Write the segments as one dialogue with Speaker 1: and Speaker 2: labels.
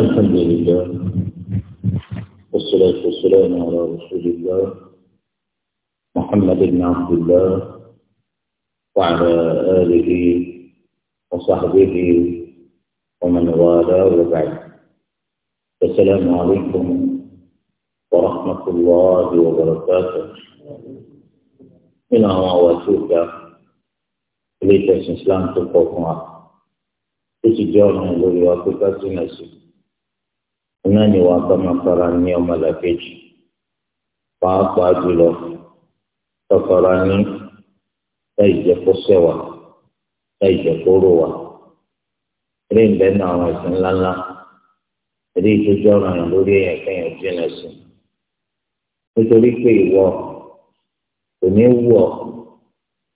Speaker 1: الحمد لله والصلاة والسلام على رسول الله محمد بن عبد الله وعلى آله وصحبه ومن والاه وبعد السلام عليكم ورحمة الله وبركاته إلى ما وسوك إليك الإسلام تقوم ó sì jẹ́ náà ni wàá kọ́mọ fara ní ọmọlàkejì pàápàá jùlọ tọkọra ní láì kó sẹ́wà láì kó rò wà eré ń bẹ́ẹ̀ náà àwọn ẹ̀sìn ńláńlá eré ìtọ́jú ọ̀ràn yẹn lórí èèyàn kẹ́yìn jìnnà sí nítorí pé ìwọ kò ní wù ọ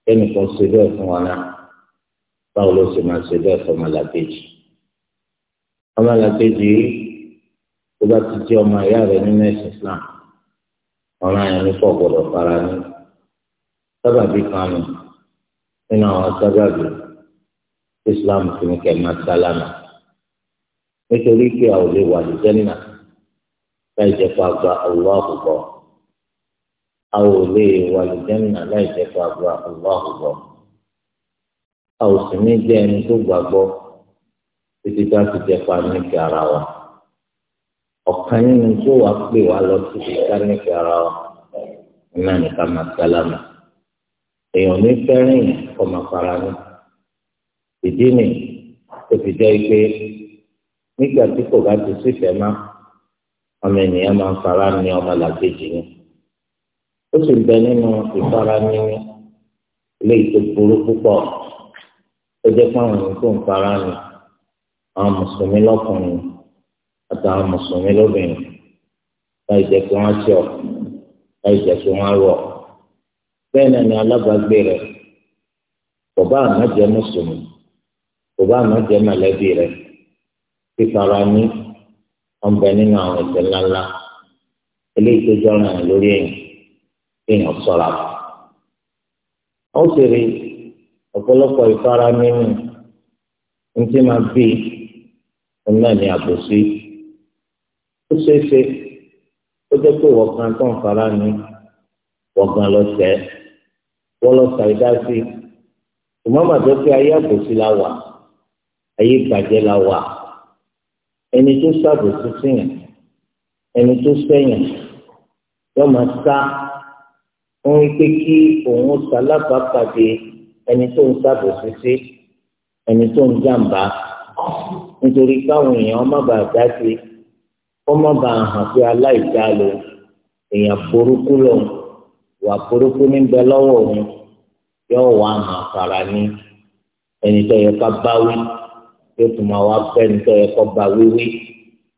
Speaker 1: kẹ́nìkan ṣe bẹ́ẹ̀ fún wa náà báwo ló ṣe máa ṣe bẹ́ẹ̀ tó bá ti jẹ́ ọmọ ìyá rẹ̀ nínú ẹ̀sìn Islam ọ̀ràn ẹni pọ̀ gbọ́dọ̀ fara ní sábàbí kan nù nínú àwọn sábàbí Islam fi ní kẹ́mà sálámà nítorí pé àwọn olè wà ní jẹ́nà láì jẹ́ pa gba ọ̀wọ́ àkùkọ àwọn olè wà ní jẹ́nà láì jẹ́ pa gba ọ̀wọ́ àkùkọ àwọn sì ní jẹ́ ẹni tó gbàgbọ́ títí tá ti jẹ́ pa ní kí ara wa ọ̀kan nínú tó wà pé wà lọ sí ìkárẹ́kì ara wa náà nìkan máa sálámà èèyàn ní fẹ́ràn yẹn kọ́ máa fara ní ìdí ni tó fi jẹ́ pé nígbà tí kò bá ti sífẹ̀ẹ́ má ọmọ ènìyàn máa ń fara ní ọmọ làkejì ni ó sì bẹ nínú ìfara ní eléyìí tó burú púpọ̀ ó jẹ́ pé àwọn ohun tó ń fara ní àwọn mùsùlùmí lọ́kùnrin àtàwọn mùsùlùmí lóbìnrin láì jẹ́ kí wọ́n ṣe ọ̀ láì jẹ́ kí wọ́n rọ̀ bẹ́ẹ̀ náà ni alábàágbé rẹ̀ kò bá àmọ́ jẹ́ mùsùlùmí kò bá àmọ́ jẹ́ mọ̀lẹ́bí rẹ̀ fífara ní ọ̀nbẹ nínú àwọn ẹ̀ṣẹ̀ ńláńlá eléyìí tó jọ́ràn ẹ̀ lórí èèyàn èèyàn sọ̀ra ó sì ọ̀pọ̀lọpọ̀ ìfara nínú ní tí máa bí ọ̀nà ní àbòsí ó ṣeé ṣe ó jẹ́ pé wọ̀gán tó ń fara ní wọ̀gán lọ tẹ̀ wọ́n lọ ṣàìdá sí ìmọ̀ọ́mà tó pé ayé àbòsí la wà ayé ìbàjẹ́ la wà ẹni tó ṣàbòsí síyàn ẹni tó sẹ́yìn yóò máa sá wọ́n ń pé kí òun ṣalábàápàdé ẹni tó ń ṣàbòsí sí ẹni tó ń jàǹbá nítorí káwọn èèyàn má bàa dá sí i kọ́mọ́ bá a hàn pé aláìdá lò èèyàn burúkú lò wà burúkú níbẹ̀ lọ́wọ́ òun yóò wá hàn fara ní ẹni tó yẹ ká bá wí yóò tún máa wá bẹ́ ẹni tó yẹ kó bá wíwí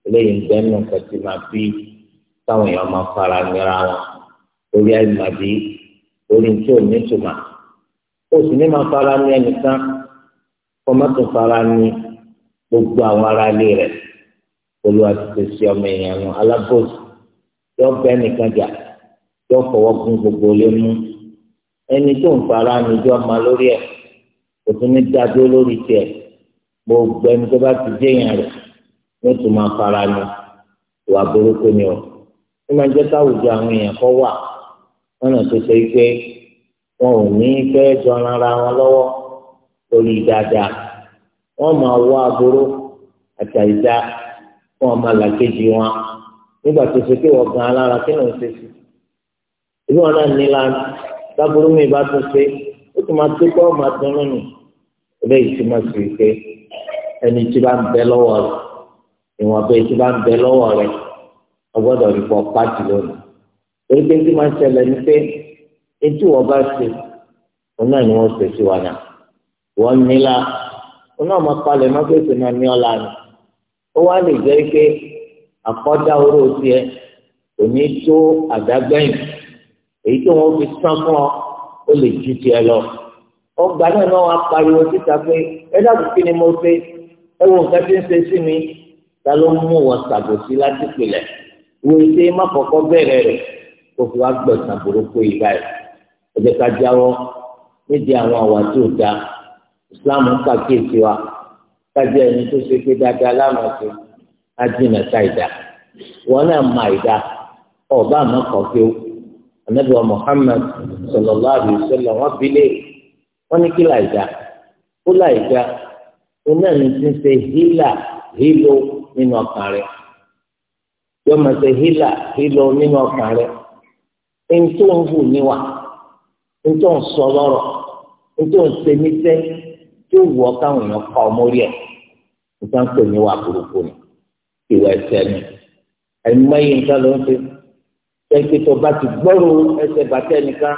Speaker 1: eléyìí ń bẹ́ẹ̀ nù kẹ́tì máa bí táwọn èèyàn máa fara nira wọn lórí àìmàdí lórí tí ò ní tùmà ó sì ní máa fara ní ẹnìkan kọ́mọ́tò fara ní gbogbo àwọn aráalé rẹ̀ olúwa ti pèsè ọmọ èèyàn nù alábòsí yọ bẹ nìkan jà yọ fọwọ́ gún gbogbo lé mú ẹni tó ń fara níjọ́ ọmọ lórí ẹ̀ kò tún ní dájú lórí tiẹ̀ gbogbo ẹni tó bá ti dé èèyàn rẹ̀ ní tó máa fara ni ìwà burúkú ni o ó máa jẹ́ káwùjọ àwọn èèyàn kọ́ wà lọ́nà tó ṣe pé wọn ò ní fẹ́ jọra ara wọn lọ́wọ́ lórí dáadáa wọ́n máa wá aburú àtàìdá fún ọmọ làkejì wọn nígbà tó ṣe pé wọ́n gan alára kí ló ń ṣe sí ìlú wọn náà nílá lábúrú mi bá tún ṣe ó tún máa tó kọ́ ọmọ àtúnú nù eléyìí tí mo sì pé ẹni tí bá ń bẹ lọ́wọ́ rẹ̀ ìwọ̀n bẹ́ẹ̀ tí bá ń bẹ lọ́wọ́ rẹ̀ ọgbọ́dọ̀ rí pọ̀ pàtì lónìí torí pé tí máa ṣẹlẹ̀ ní pé etí wọ́n bá ṣe òun náà ni wọ́n ṣe sí wa náà wọ́n nílá òun náà máa palẹ̀ mọ́ pé ní ọ́ lánàá ó wá lè jẹ́ pé àkọ́dá oró tiẹ̀ kò ní tó àdágbẹ́yìn èyí tó wọn fi sán fún ọ ó lè ju tiẹ̀ lọ ọgbà náà náà wàá pariwo síta pé ẹ dábòó kí ni mo ṣe ẹ wo nǹkan tí ń ṣe sí mi ta ló mú wọn ṣàbòsí láti pilẹ̀ wo ṣe má kọ́kọ́ bẹ̀rẹ̀ rẹ̀ kó fi wá gbẹ̀sán burúkú yìí báyìí ẹ jẹ́ ká jáwọ́ nídìí àwọn àwa ò da Islam ń pàkíyèsí wa kájẹ ẹni tó ṣe pé dáadáa lánàá ṣe ájínà ṣáìdá wọn náà má ìdá ọba àmọ́ kàn kí ó anabi wa Muhammad sallallahu alaihi wasallam wọn fi lé wọn ní kí láìdá ó láìdá ó náà ní ti ṣe hílà hílò nínú ọkàn rẹ yóò máa ṣe hílà hílò nínú ọkàn rẹ ntòǹhù níwà ntòǹsọ lọ́rọ̀ ntòǹsẹmísẹ tí ó wù ọ káwọn èèyàn kọ ọmọ rí ẹ nígbà tó ní wà burúkú ni ìwà ẹsẹ ni ẹnìmọye nǹkan ló ń ṣe ṣẹ́ńkì tó bá ti gbọ́rò ẹsẹ̀ bàtẹ́ nìkan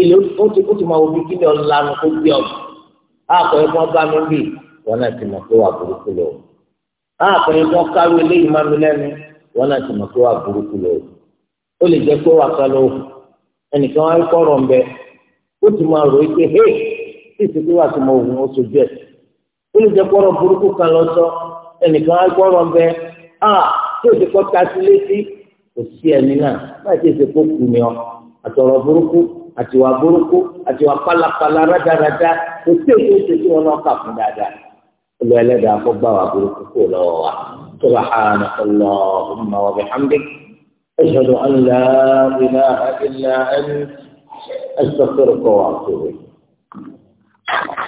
Speaker 1: ilé ó ti kó ti máa wo kí ni ọ̀lànà kó gbé ọ̀ àpẹẹrẹ fún ọba mi bì wọn náà ti mọ̀ pé wà burúkú lọ àpẹẹrẹ fún ọkàwé eléyìí má mi lẹ́nu wọn náà ti mọ̀ pé wà burúkú lọ ó lè jẹ́ pé wà kálọ̀ ẹnìkan wá kọ̀rọ̀ ń bẹ ó ti máa rò é pé hey kí ìsìnkú wà sí ọmọ òun ó sojú ẹ̀ ó lè jẹ́ kọ́rọ̀ burúkú kan lọ sọ ẹnìkan á gbọ́rọ̀ bẹ á tí òsì kọ́ ta sí létí kò sí ẹni náà láti ìsìnkú kù ni ọ àtọ̀rọ̀ burúkú àtiwà burúkú àtiwà pálapàla rádaràda kò sí èyí ó ṣe tí wọn náà kà fún dáadáa olú ẹlẹ́dàá kó gbà wà burúkú kò lọ́wọ́ wa subhanak allahumma wa bihamdik ashhadu an la ilaha illa anta astaghfiruka wa atubu ilayk. Thank you.